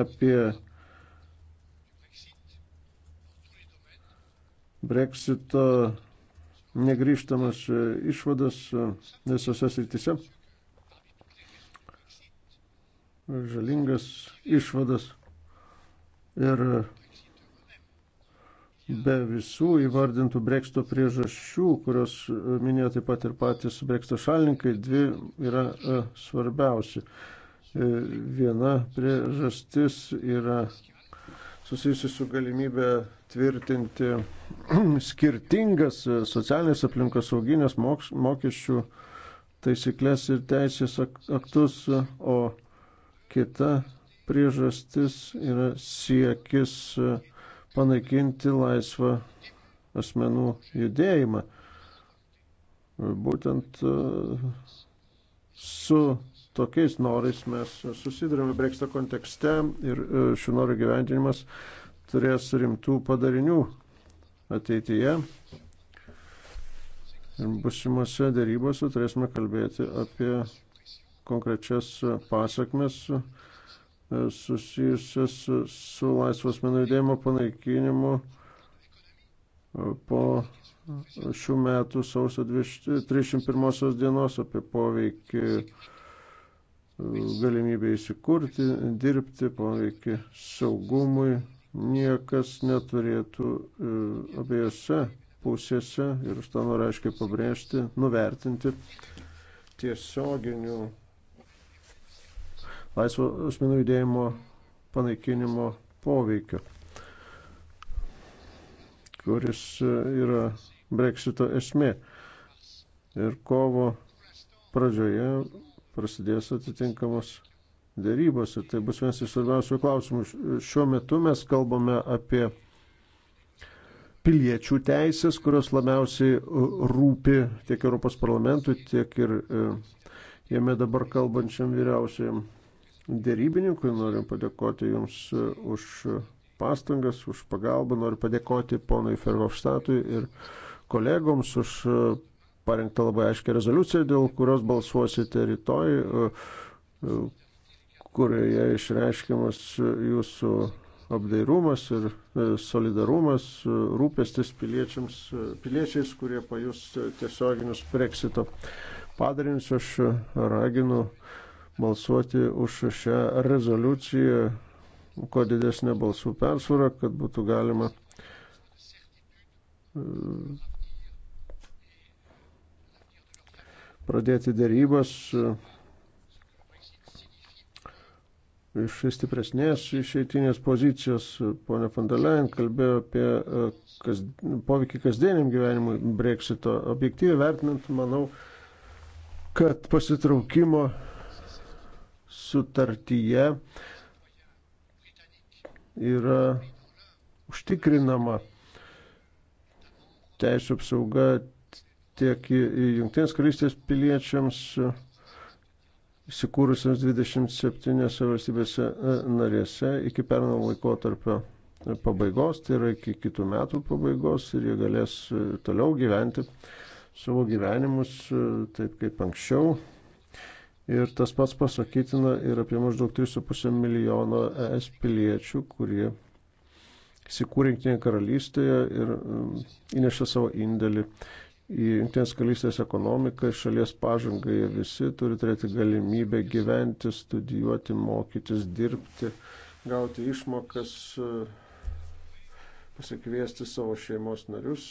apie Brexito negryžtamas e, išvadas e, visose srityse. Žalingas išvadas ir be visų įvardintų breksto priežasčių, kurios e, minėjo taip pat ir patys breksto šalininkai, dvi yra svarbiausi. E, viena priežastis yra susijusi su galimybė tvirtinti skirtingas socialinės aplinkos sauginės mokesčių taisyklės ir teisės aktus, o kita priežastis yra siekis panaikinti laisvą asmenų judėjimą. Būtent e, su tokiais norais mes susidurime Brexito kontekste ir e, šių norų gyvendinimas turės rimtų padarinių ateityje. Ir busimuose darybose turėsime kalbėti apie konkrečias pasakmes e, susijusias su laisvos menų judėjimo panaikinimu e, po šių metų sausio 31 dienos apie poveikį galimybę įsikurti, dirbti, poveikį saugumui. Niekas neturėtų e, abiejose pusėse, ir aš tą noriu aiškiai pabrėžti, nuvertinti tiesioginių laisvo asmenų judėjimo panaikinimo poveikio, kuris e, yra breksito esmė. Ir kovo pradžioje prasidės atitinkamos dėrybos ir tai bus vienas iš svarbiausių klausimų. Šiuo metu mes kalbame apie piliečių teisės, kurios labiausiai e, rūpi tiek Europos parlamentui, tiek ir e, jame dabar kalbančiam vyriausiam dėrybininkui. Noriu padėkoti Jums e, už pastangas, už pagalbą, noriu padėkoti ponui Ferhofstatui ir kolegoms už parengta labai aiškia rezoliucija, dėl kurios balsuosite rytoj, e, e, kurioje išreiškiamas jūsų apdairumas ir e, solidarumas, rūpestis piliečiais, kurie pajus tiesioginius Brexito padarinius. Aš raginu balsuoti už šią rezoliuciją, kuo didesnė balsų persvara, kad būtų galima pradėti dėrybas e, iš stipresnės išeitinės pozicijos. Pone Fandalein kalbėjo apie e, kas, poveikį kasdieniam gyvenimui breksito. Objektyviai vertinant, manau, kad pasitraukimo sutartyje yra užtikrinama teisų apsauga tiek Junktinės karalystės piliečiams įsikūrusiams 27 valstybėse e, narėse iki pernamo laikotarpio pabaigos, tai yra iki kitų metų pabaigos ir jie galės e, toliau gyventi savo gyvenimus e, taip kaip anksčiau. Ir tas pats pasakytina ir apie maždaug 3,5 milijono ES piliečių, kurie įsikūrė Junktinėje karalystėje ir įnešė savo indėlį į Junktinės karalystės ekonomiką, šalies pažangą, jie visi turi turėti galimybę gyventi, studijuoti, mokytis, dirbti, gauti išmokas, pasikviesti savo šeimos narius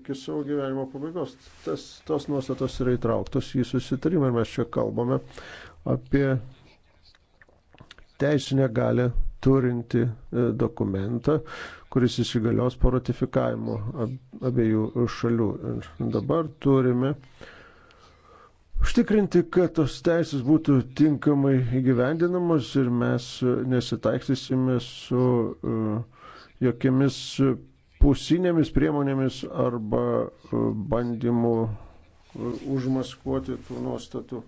iki savo gyvenimo pabaigos. Tas, tos nuostatos yra įtrauktos į susitarimą ir mes čia kalbame apie teisinę galę turinti e, dokumentą, kuris įsigalios po ratifikavimo abiejų šalių. Ir dabar turime užtikrinti, kad tos teisės būtų tinkamai įgyvendinamos ir mes nesitaiksysime su uh, jokiamis pusinėmis priemonėmis arba uh, bandymu uh, užmaskuoti tų nuostatų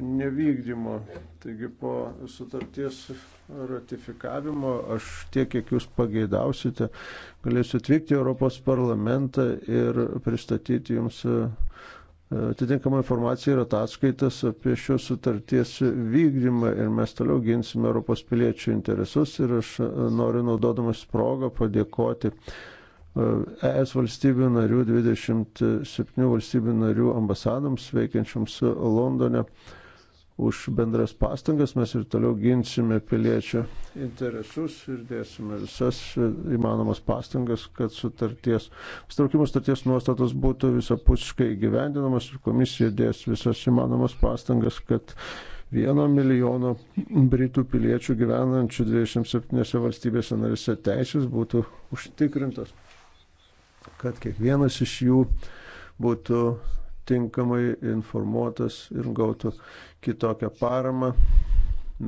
nevykdymo. Taigi po sutarties ratifikavimo aš tiek, kiek jūs pageidausite, galėsiu atvykti į Europos parlamentą ir pristatyti jums e, atitinkamą informaciją ir ataskaitas apie šios sutarties vykdymą ir mes toliau ginsime Europos piliečių interesus ir aš e, noriu naudodamas progą padėkoti ES valstybių narių, 27 valstybių narių ambasadoms veikiančioms Londone. Už bendras pastangas mes ir toliau ginsime piliečio interesus ir dėsime visas įmanomas pastangas, kad sutarties, pastraukimo sutarties nuostatos būtų visapusiškai gyvendinamas ir komisija dės visas įmanomas pastangas, kad vieno milijono Britų piliečių gyvenančių 27 valstybėse narise teisės būtų užtikrintos kad kiekvienas iš jų būtų tinkamai informuotas ir gautų kitokią paramą.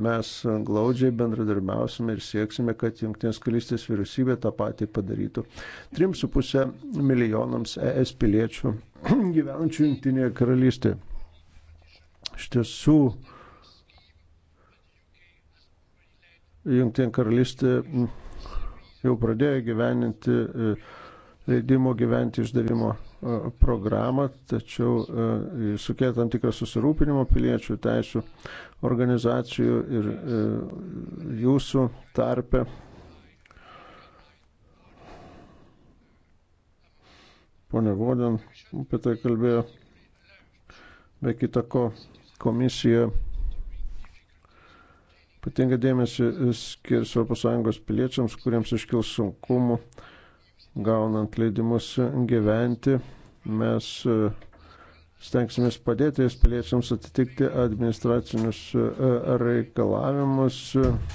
Mes glaudžiai bendradarbiausime ir sieksime, kad Junktinės karalystės vyriausybė tą patį padarytų. 3,5 milijonams ES piliečių gyvenančių Junktinėje karalystėje. Iš tiesų, Junktinė karalystė jau pradėjo gyveninti uh, leidimo gyventi išdavimo e, programą, tačiau e, sukėlė tam tikrą susirūpinimo piliečių teisų organizacijų ir e, jūsų tarpe. Pone Vodin apie tai kalbėjo, be kitako komisija ypatingą dėmesį skirs Europos Sąjungos piliečiams, kuriems iškils sunkumų uh, gaunant leidimus gyventi, mes e, stengsimės padėti jos piliečiams atitikti administracinius e, reikalavimus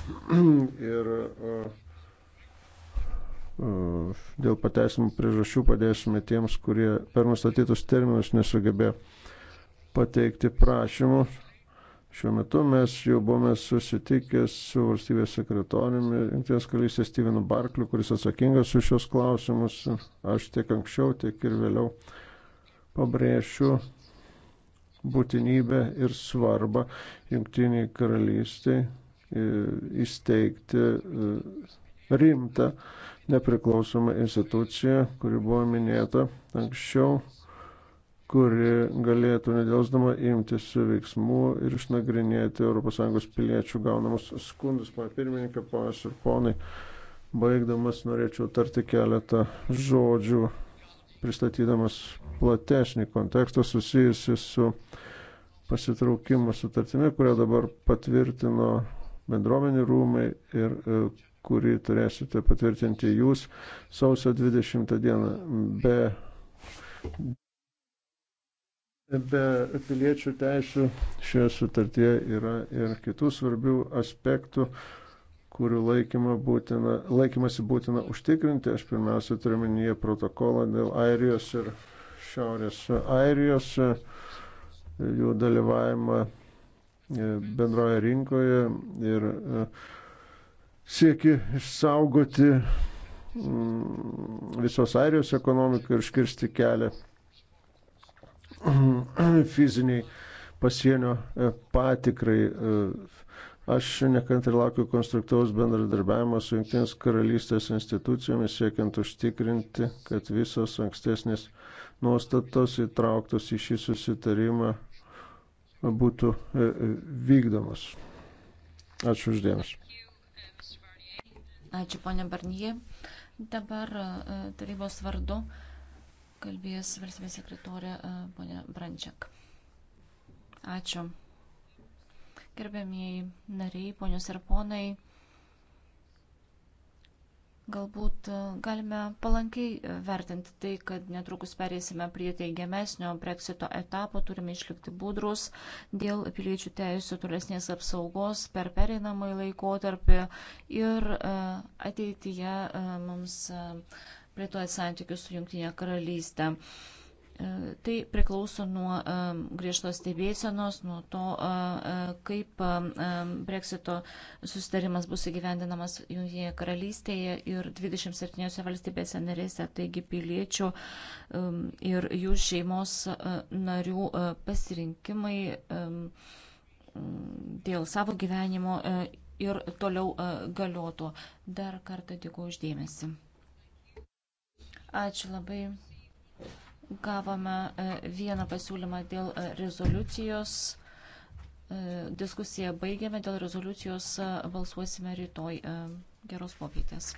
ir e, dėl pateisimų priežasčių padėsime tiems, kurie per nustatytus terminus nesugebėjo pateikti prašymus Šiuo metu mes jau buvome susitikę su valstybės sekretoriumi, Junktinės karalystės Stevenu Barkliu, kuris atsakingas už šios klausimus. Aš tiek anksčiau, tiek ir vėliau pabrėšiu būtinybę ir svarbą Junktiniai karalystiai e, įsteigti e, rimtą nepriklausomą instituciją, kuri buvo minėta anksčiau kuri galėtų nedėlsdama imtis veiksmų ir išnagrinėti ES piliečių gaunamus skundus. Pane pirmininkė, panas ir ponai, baigdamas norėčiau tarti keletą žodžių, pristatydamas platesnį kontekstą susijusi su pasitraukimo sutartimi, kurią dabar patvirtino bendruomenių rūmai ir e, kurį turėsite patvirtinti jūs sausio 20 dieną be Be piliečių teisų šioje sutartyje yra ir kitų svarbių aspektų, kurių būtina, laikymasi būtina užtikrinti. Aš pirmiausia turiu minyje protokolą dėl Airijos ir Šiaurės Airijos, jų dalyvavimą e, bendroje rinkoje ir e, sieki išsaugoti mm, visos Airijos ekonomiką ir škirsti kelią Mhm. fiziniai pasienio e, patikrai. E, aš nekantri laukiu konstruktyvaus bendradarbiavimo su Junktinės karalystės institucijomis, siekiant užtikrinti, kad visos ankstesnės nuostatos įtrauktos į šį susitarimą būtų e, vykdomos. Ačiū uždėmesi. Ačiū, ponė Barnyje. Dabar tarybos vardu kalbės valstybės sekretorė e, ponė Brančiak. Ačiū. Gerbėmieji nariai, ponios ir ponai, galbūt e, galime palankiai e, vertinti tai, kad netrukus perėsime prie teigiamesnio breksito etapo, turime išlikti budrus dėl piliečių teisų tolesnės apsaugos per pereinamąjį laikotarpį ir ateityje mums plėtoja santykius su Junktinė karalystė. E, tai priklauso nuo e, griežtos stebėsenos, nuo to, e, kaip Brexito susitarimas bus įgyvendinamas Junktinėje karalystėje ir 27 valstybėse narėse, taigi piliečių ir jų šeimos narių pasirinkimai dėl savo gyvenimo ir toliau galiotų. Dar kartą dėkuoju uždėmesi. Ačiū labai. Gavome e, vieną pasiūlymą dėl e, rezoliucijos. E, diskusiją baigėme, dėl rezoliucijos balsuosime rytoj. Geros popietės.